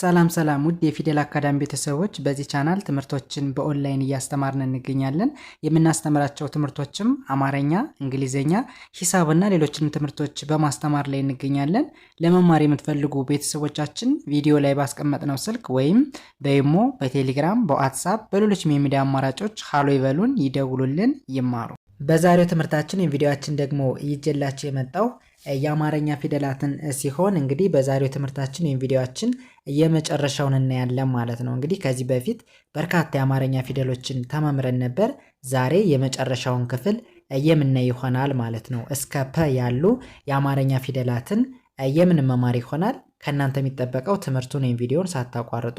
ሰላም ሰላም ውድ የፊደል አካዳሚ ቤተሰቦች፣ በዚህ ቻናል ትምህርቶችን በኦንላይን እያስተማርን እንገኛለን። የምናስተምራቸው ትምህርቶችም አማረኛ እንግሊዝኛ፣ ሂሳብና ሌሎችንም ትምህርቶች በማስተማር ላይ እንገኛለን። ለመማር የምትፈልጉ ቤተሰቦቻችን ቪዲዮ ላይ ባስቀመጥነው ስልክ ወይም በይሞ፣ በቴሌግራም፣ በዋትሳፕ፣ በሌሎች የሚዲያ አማራጮች ሀሎ ይበሉን፣ ይደውሉልን፣ ይማሩ። በዛሬው ትምህርታችን የቪዲዮችን ደግሞ ይጀላቸው የመጣው የአማረኛ ፊደላትን ሲሆን እንግዲህ በዛሬው ትምህርታችን ወይም ቪዲዮችን የመጨረሻውን እናያለን ማለት ነው። እንግዲህ ከዚህ በፊት በርካታ የአማርኛ ፊደሎችን ተመምረን ነበር። ዛሬ የመጨረሻውን ክፍል የምናይ ይሆናል ማለት ነው። እስከ ፐ ያሉ የአማርኛ ፊደላትን የምንመማር ይሆናል። ከእናንተ የሚጠበቀው ትምህርቱን ወይም ቪዲዮን ሳታቋርጡ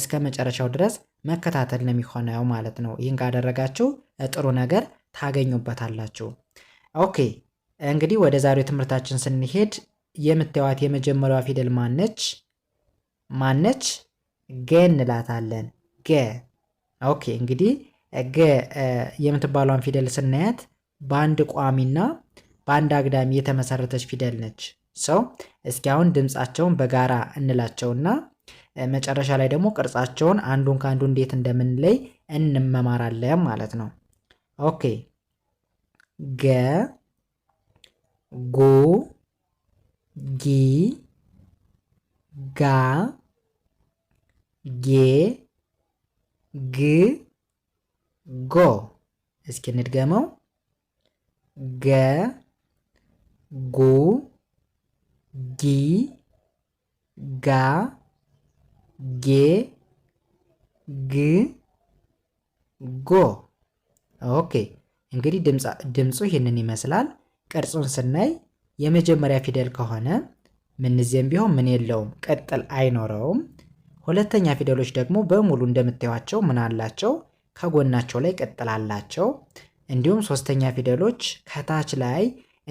እስከ መጨረሻው ድረስ መከታተል ነው የሚሆነው ማለት ነው። ይህን ካደረጋችሁ ጥሩ ነገር ታገኙበታላችሁ። ኦኬ እንግዲህ ወደ ዛሬው ትምህርታችን ስንሄድ የምታዩት የመጀመሪያዋ ፊደል ማነች? ማነች? ገ እንላታለን። ገ ኦኬ። እንግዲህ ገ የምትባሏን ፊደል ስናያት በአንድ ቋሚና በአንድ አግዳሚ የተመሰረተች ፊደል ነች። ሰው እስኪ አሁን ድምፃቸውን በጋራ እንላቸውና መጨረሻ ላይ ደግሞ ቅርጻቸውን አንዱን ከአንዱ እንዴት እንደምንለይ እንመማራለን ማለት ነው። ኦኬ ገ ጉ ጊ ጋ ጌ ግ ጎ። እስኪ እንድገመው። ገ ጉ ጊ ጋ ጌ ግ ጎ። ኦኬ እንግዲህ ድምፁ ይህንን ይመስላል። ቅርጹን ስናይ የመጀመሪያ ፊደል ከሆነ ምንዜም ቢሆን ምን የለውም፣ ቅጥል አይኖረውም። ሁለተኛ ፊደሎች ደግሞ በሙሉ እንደምታዩቸው ምን አላቸው? ከጎናቸው ላይ ቅጥል አላቸው። እንዲሁም ሶስተኛ ፊደሎች ከታች ላይ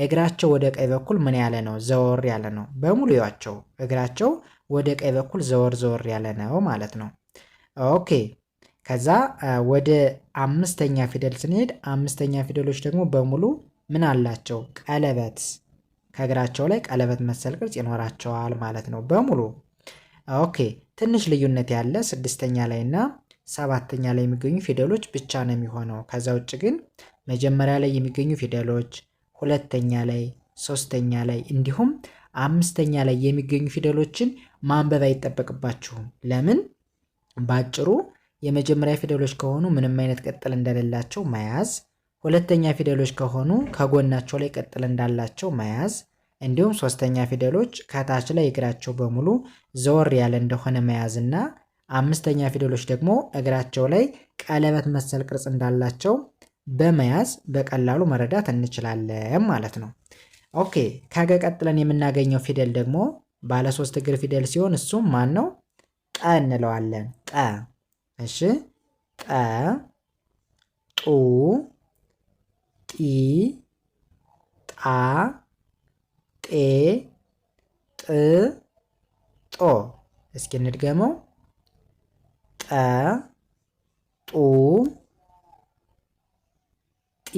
እግራቸው ወደ ቀኝ በኩል ምን ያለ ነው? ዘወር ያለ ነው። በሙሉ ያቸው እግራቸው ወደ ቀኝ በኩል ዘወር ዘወር ያለ ነው ማለት ነው። ኦኬ ከዛ ወደ አምስተኛ ፊደል ስንሄድ አምስተኛ ፊደሎች ደግሞ በሙሉ ምን አላቸው? ቀለበት ከእግራቸው ላይ ቀለበት መሰል ቅርጽ ይኖራቸዋል ማለት ነው በሙሉ። ኦኬ ትንሽ ልዩነት ያለ ስድስተኛ ላይ እና ሰባተኛ ላይ የሚገኙ ፊደሎች ብቻ ነው የሚሆነው። ከዛ ውጭ ግን መጀመሪያ ላይ የሚገኙ ፊደሎች፣ ሁለተኛ ላይ፣ ሶስተኛ ላይ እንዲሁም አምስተኛ ላይ የሚገኙ ፊደሎችን ማንበብ አይጠበቅባችሁም። ለምን? በአጭሩ የመጀመሪያ ፊደሎች ከሆኑ ምንም አይነት ቅጥል እንደሌላቸው መያዝ ሁለተኛ ፊደሎች ከሆኑ ከጎናቸው ላይ ቅጥል እንዳላቸው መያዝ እንዲሁም ሶስተኛ ፊደሎች ከታች ላይ እግራቸው በሙሉ ዘወር ያለ እንደሆነ መያዝ እና አምስተኛ ፊደሎች ደግሞ እግራቸው ላይ ቀለበት መሰል ቅርጽ እንዳላቸው በመያዝ በቀላሉ መረዳት እንችላለን ማለት ነው። ኦኬ ከገ ቀጥለን የምናገኘው ፊደል ደግሞ ባለ ሶስት እግር ፊደል ሲሆን እሱም ማን ነው? ጠ እንለዋለን። ጠ እሺ፣ ጠ ጡ ጢ ጣ ጤ ጥ ጦ እስኪ እንድገመው ጠ ጡ ጢ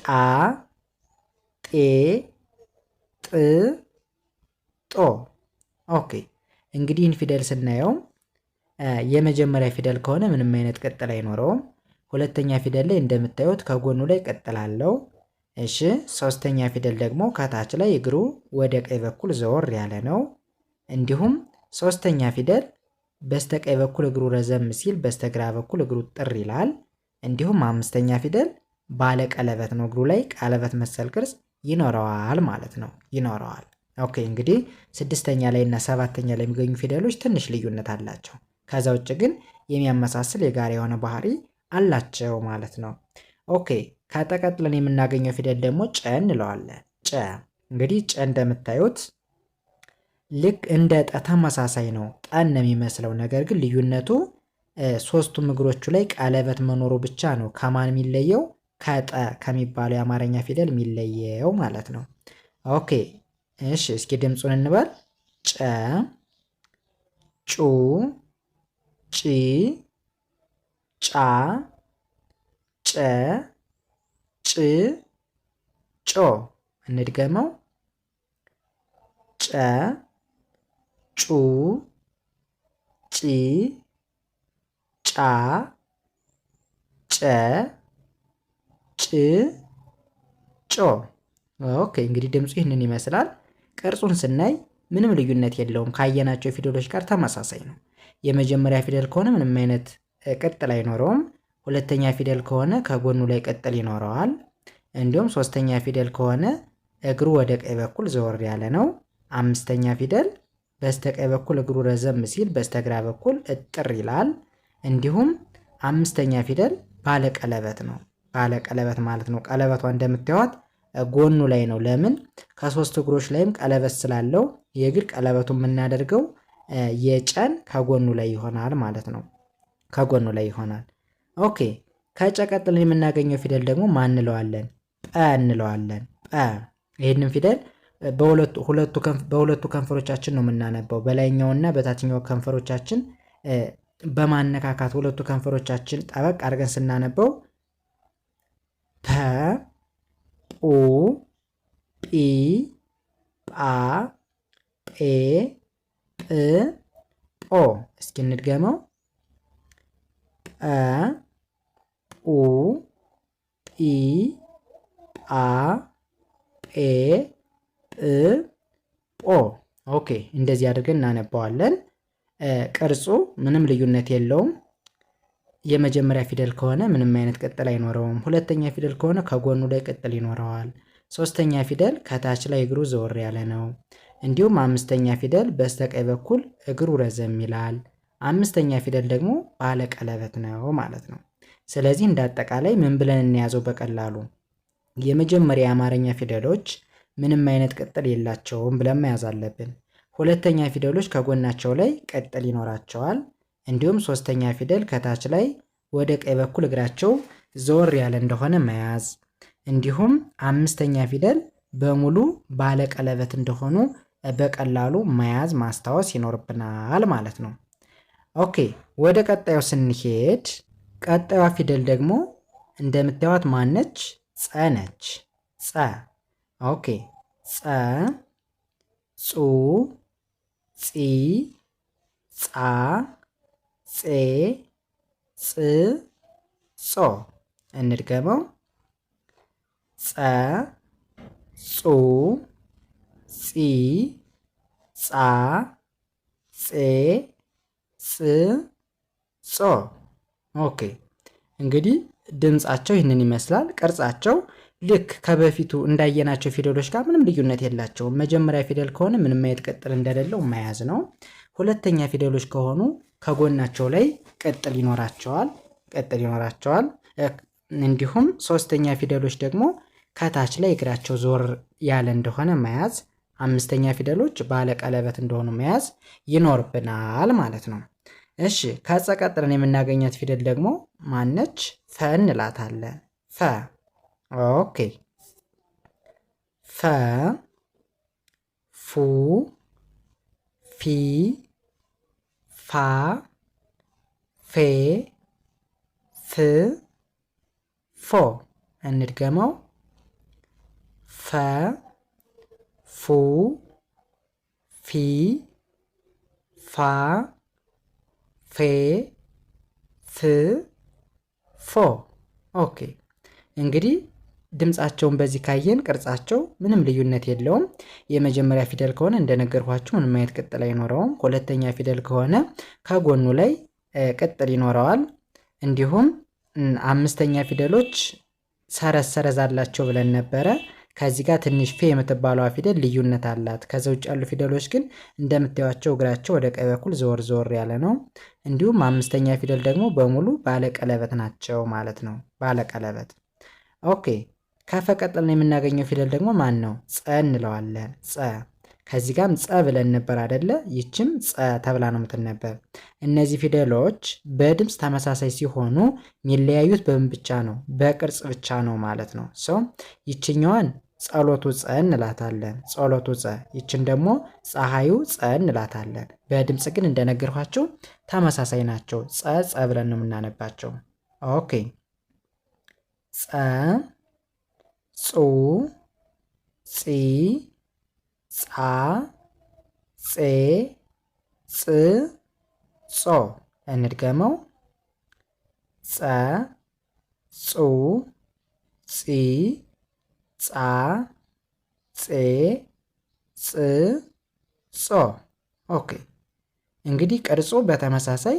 ጣ ጤ ጥ ጦ ኦኬ እንግዲህ ይህን ፊደል ስናየው የመጀመሪያ ፊደል ከሆነ ምንም አይነት ቀጥል አይኖረውም ሁለተኛ ፊደል ላይ እንደምታዩት ከጎኑ ላይ ቀጥላለው። እሺ ሶስተኛ ፊደል ደግሞ ከታች ላይ እግሩ ወደ ቀኝ በኩል ዘወር ያለ ነው። እንዲሁም ሶስተኛ ፊደል በስተቀኝ በኩል እግሩ ረዘም ሲል በስተግራ በኩል እግሩ ጥር ይላል። እንዲሁም አምስተኛ ፊደል ባለ ቀለበት ነው። እግሩ ላይ ቀለበት መሰል ቅርጽ ይኖረዋል ማለት ነው ይኖረዋል። ኦኬ እንግዲህ ስድስተኛ ላይ እና ሰባተኛ ላይ የሚገኙ ፊደሎች ትንሽ ልዩነት አላቸው። ከዛ ውጭ ግን የሚያመሳስል የጋራ የሆነ ባህሪ አላቸው ማለት ነው። ኦኬ ከጠቀጥለን የምናገኘው ፊደል ደግሞ ጨ እንለዋለን። ጨ እንግዲህ ጨ እንደምታዩት ልክ እንደ ጠ ተመሳሳይ ነው፣ ጠን ነው የሚመስለው። ነገር ግን ልዩነቱ ሶስቱም እግሮቹ ላይ ቀለበት መኖሩ ብቻ ነው ከማን የሚለየው ከጠ ከሚባለው የአማርኛ ፊደል የሚለየው ማለት ነው። ኦኬ እሺ፣ እስኪ ድምፁን እንበል። ጨ ጩ ጪ ጫ ጨ ጭ ጮ እንድገመው ጨ ጩ ጪ ጫ ጨ ጭ ጮ ኦኬ እንግዲህ ድምፁ ይህንን ይመስላል። ቅርጹን ስናይ ምንም ልዩነት የለውም። ካየናቸው ፊደሎች ጋር ተመሳሳይ ነው። የመጀመሪያ ፊደል ከሆነ ምንም አይነት ቅጥል አይኖረውም። ሁለተኛ ፊደል ከሆነ ከጎኑ ላይ ቅጥል ይኖረዋል። እንዲሁም ሶስተኛ ፊደል ከሆነ እግሩ ወደ ቀኝ በኩል ዘወር ያለ ነው። አምስተኛ ፊደል በስተቀኝ በኩል እግሩ ረዘም ሲል በስተግራ በኩል እጥር ይላል። እንዲሁም አምስተኛ ፊደል ቀለበት ነው። ቀለበት ማለት ነው። ቀለበቷ እንደምታዩት ጎኑ ላይ ነው። ለምን ከሶስት እግሮች ላይም ቀለበት ስላለው የእግር ቀለበቱ የምናደርገው የጨን ከጎኑ ላይ ይሆናል ማለት ነው። ከጎኑ ላይ ይሆናል። ኦኬ ከጨ ቀጥለን የምናገኘው ፊደል ደግሞ ማን እንለዋለን? ጠ እንለዋለን። ጠ ይህንም ፊደል በሁለቱ ከንፈሮቻችን ነው የምናነባው። በላይኛውና በታችኛው ከንፈሮቻችን በማነካካት ሁለቱ ከንፈሮቻችን ጠበቅ አድርገን ስናነበው ፐ ኡ ጲ ጳ ጴ ጵ ጶ። እስኪ እንድገመው ጠ ጱ ጲ ጳ ጴ ጵ ጶ። ኦኬ እንደዚህ አድርገን እናነባዋለን። ቅርጹ ምንም ልዩነት የለውም። የመጀመሪያ ፊደል ከሆነ ምንም አይነት ቅጥል አይኖረውም። ሁለተኛ ፊደል ከሆነ ከጎኑ ላይ ቅጥል ይኖረዋል። ሶስተኛ ፊደል ከታች ላይ እግሩ ዘወር ያለ ነው። እንዲሁም አምስተኛ ፊደል በስተቀኝ በኩል እግሩ ረዘም ይላል። አምስተኛ ፊደል ደግሞ ባለ ቀለበት ነው ማለት ነው። ስለዚህ እንደ አጠቃላይ ምን ብለን እንያዘው በቀላሉ የመጀመሪያ የአማርኛ ፊደሎች ምንም አይነት ቅጥል የላቸውም ብለን መያዝ አለብን። ሁለተኛ ፊደሎች ከጎናቸው ላይ ቅጥል ይኖራቸዋል። እንዲሁም ሶስተኛ ፊደል ከታች ላይ ወደ ቀኝ በኩል እግራቸው ዘወር ያለ እንደሆነ መያዝ እንዲሁም አምስተኛ ፊደል በሙሉ ባለቀለበት እንደሆኑ በቀላሉ መያዝ ማስታወስ ይኖርብናል ማለት ነው። ኦኬ ወደ ቀጣዩ ስንሄድ ቀጣዩ ፊደል ደግሞ እንደምታዩት ማነች? ጸ ነች። ጸ ኦኬ ጸ ጹ ጺ ጻ ጼ ጽ ጾ እንድገመው ጸ ጹ ጺ ጻ ጼ ጾ ኦኬ። እንግዲህ ድምጻቸው ይህንን ይመስላል። ቅርጻቸው ልክ ከበፊቱ እንዳየናቸው ፊደሎች ጋር ምንም ልዩነት የላቸውም። መጀመሪያ ፊደል ከሆነ ምንም አይነት ቅጥል እንደሌለው መያዝ ነው። ሁለተኛ ፊደሎች ከሆኑ ከጎናቸው ላይ ቅጥል ይኖራቸዋል ቅጥል ይኖራቸዋል። እንዲሁም ሶስተኛ ፊደሎች ደግሞ ከታች ላይ እግራቸው ዞር ያለ እንደሆነ መያዝ፣ አምስተኛ ፊደሎች ባለ ቀለበት እንደሆኑ መያዝ ይኖርብናል ማለት ነው። እሺ ከፀ ቀጥለን የምናገኛት ፊደል ደግሞ ማነች? ፈ እንላታለን። ፈ ኦኬ። ፈ ፉ ፊ ፋ ፌ ፍ ፎ። እንድገመው። ፈ ፉ ፊ ፋ ፌ ፍ ፎ ኦኬ እንግዲህ ድምፃቸውን በዚህ ካየን ቅርጻቸው ምንም ልዩነት የለውም። የመጀመሪያ ፊደል ከሆነ እንደነገርኳችሁ ምንም አይነት ቅጥል አይኖረውም። ሁለተኛ ፊደል ከሆነ ከጎኑ ላይ ቅጥል ይኖረዋል። እንዲሁም አምስተኛ ፊደሎች ሰረዝ ሰረዝ አላቸው ብለን ነበረ። ከዚህ ጋር ትንሽ ፌ የምትባለዋ ፊደል ልዩነት አላት። ከዚ ውጭ ያሉ ፊደሎች ግን እንደምታዩቸው እግራቸው ወደ ቀኝ በኩል ዞር ዞር ያለ ነው። እንዲሁም አምስተኛ ፊደል ደግሞ በሙሉ ባለቀለበት ናቸው ማለት ነው። ባለቀለበት ኦኬ። ከፈቀጠልን የምናገኘው ፊደል ደግሞ ማን ነው? ጸ እንለዋለን። ጸ ከዚህ ጋም ጸ ብለን ነበር አደለ? ይችም ጸ ተብላ ነው የምትነበብ። እነዚህ ፊደሎች በድምፅ ተመሳሳይ ሲሆኑ የሚለያዩት በምን ብቻ ነው? በቅርጽ ብቻ ነው ማለት ነው። ሰው ይችኛዋን ጸሎቱ ጸ እንላታለን። ጸሎቱ ጸ ይችን ደግሞ ፀሐዩ ጸ እንላታለን። በድምፅ ግን እንደነገርኳችሁ ተመሳሳይ ናቸው። ጸ ጸ ብለን ነው የምናነባቸው። ኦኬ ጸ ጹ ጺ ጻ ጼ ጽ ጾ እንድገመው ጸ ጹ ጺ ጻ ፄ ጽ ጾ ኦኬ እንግዲህ ቅርጹ በተመሳሳይ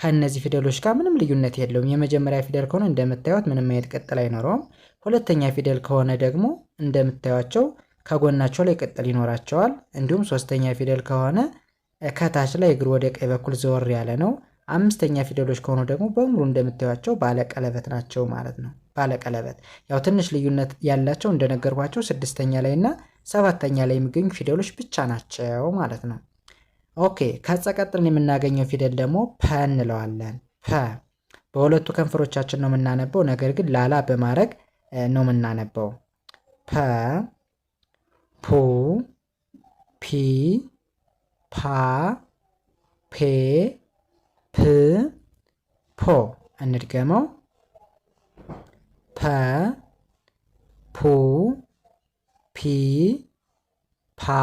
ከእነዚህ ፊደሎች ጋር ምንም ልዩነት የለውም። የመጀመሪያ ፊደል ከሆነ እንደምታዩት ምንም አይነት ቅጥል አይኖረውም። ሁለተኛ ፊደል ከሆነ ደግሞ እንደምታዩቸው ከጎናቸው ላይ ቅጥል ይኖራቸዋል። እንዲሁም ሶስተኛ ፊደል ከሆነ ከታች ላይ እግሩ ወደ ቀኝ በኩል ዘወር ያለ ነው። አምስተኛ ፊደሎች ከሆኑ ደግሞ በሙሉ እንደምታዩቸው ባለቀለበት ናቸው ማለት ነው። ባለቀለበት ያው ትንሽ ልዩነት ያላቸው እንደነገርኳቸው ስድስተኛ ላይ እና ሰባተኛ ላይ የሚገኙ ፊደሎች ብቻ ናቸው ማለት ነው። ኦኬ ከጸቀጥልን የምናገኘው ፊደል ደግሞ ፐ እንለዋለን። ፐ በሁለቱ ከንፈሮቻችን ነው የምናነበው፣ ነገር ግን ላላ በማድረግ ነው የምናነበው። ፐ ፑ ፒ ፓ ፔ ፖ እንድገመው ፐ ፑ ፒ ፓ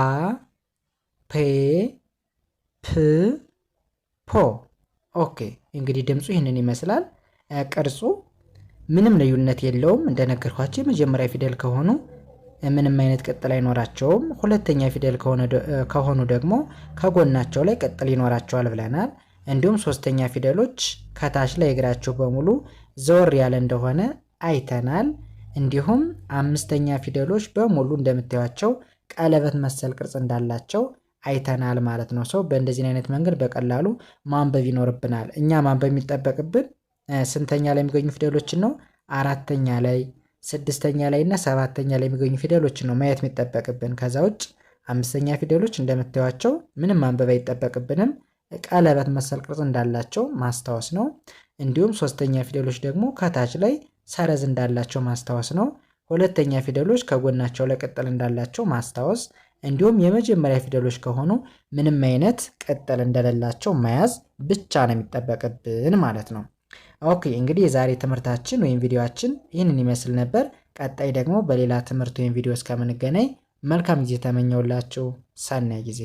ፔ ፕ ፖ ኦኬ። እንግዲህ ድምፁ ይህንን ይመስላል። ቅርጹ ምንም ልዩነት የለውም። እንደነገርኳቸው የመጀመሪያ ፊደል ከሆኑ ምንም አይነት ቅጥል አይኖራቸውም። ሁለተኛ ፊደል ከሆኑ ደግሞ ከጎናቸው ላይ ቅጥል ይኖራቸዋል ብለናል። እንዲሁም ሶስተኛ ፊደሎች ከታች ላይ እግራቸው በሙሉ ዘወር ያለ እንደሆነ አይተናል። እንዲሁም አምስተኛ ፊደሎች በሙሉ እንደምታዩቸው ቀለበት መሰል ቅርጽ እንዳላቸው አይተናል ማለት ነው። ሰው በእንደዚህ አይነት መንገድ በቀላሉ ማንበብ ይኖርብናል። እኛ ማንበብ የሚጠበቅብን ስንተኛ ላይ የሚገኙ ፊደሎችን ነው? አራተኛ ላይ፣ ስድስተኛ ላይ እና ሰባተኛ ላይ የሚገኙ ፊደሎችን ነው ማየት የሚጠበቅብን። ከዛ ውጭ አምስተኛ ፊደሎች እንደምታዩቸው ምንም ማንበብ አይጠበቅብንም። ቀለበት መሰል ቅርጽ እንዳላቸው ማስታወስ ነው። እንዲሁም ሶስተኛ ፊደሎች ደግሞ ከታች ላይ ሰረዝ እንዳላቸው ማስታወስ ነው። ሁለተኛ ፊደሎች ከጎናቸው ላይ ቅጠል እንዳላቸው ማስታወስ እንዲሁም የመጀመሪያ ፊደሎች ከሆኑ ምንም አይነት ቅጥል እንደሌላቸው መያዝ ብቻ ነው የሚጠበቅብን ማለት ነው። ኦኬ እንግዲህ የዛሬ ትምህርታችን ወይም ቪዲዮችን ይህንን ይመስል ነበር። ቀጣይ ደግሞ በሌላ ትምህርት ወይም ቪዲዮ እስከምንገናኝ መልካም ጊዜ ተመኘውላችሁ። ሰናይ ጊዜ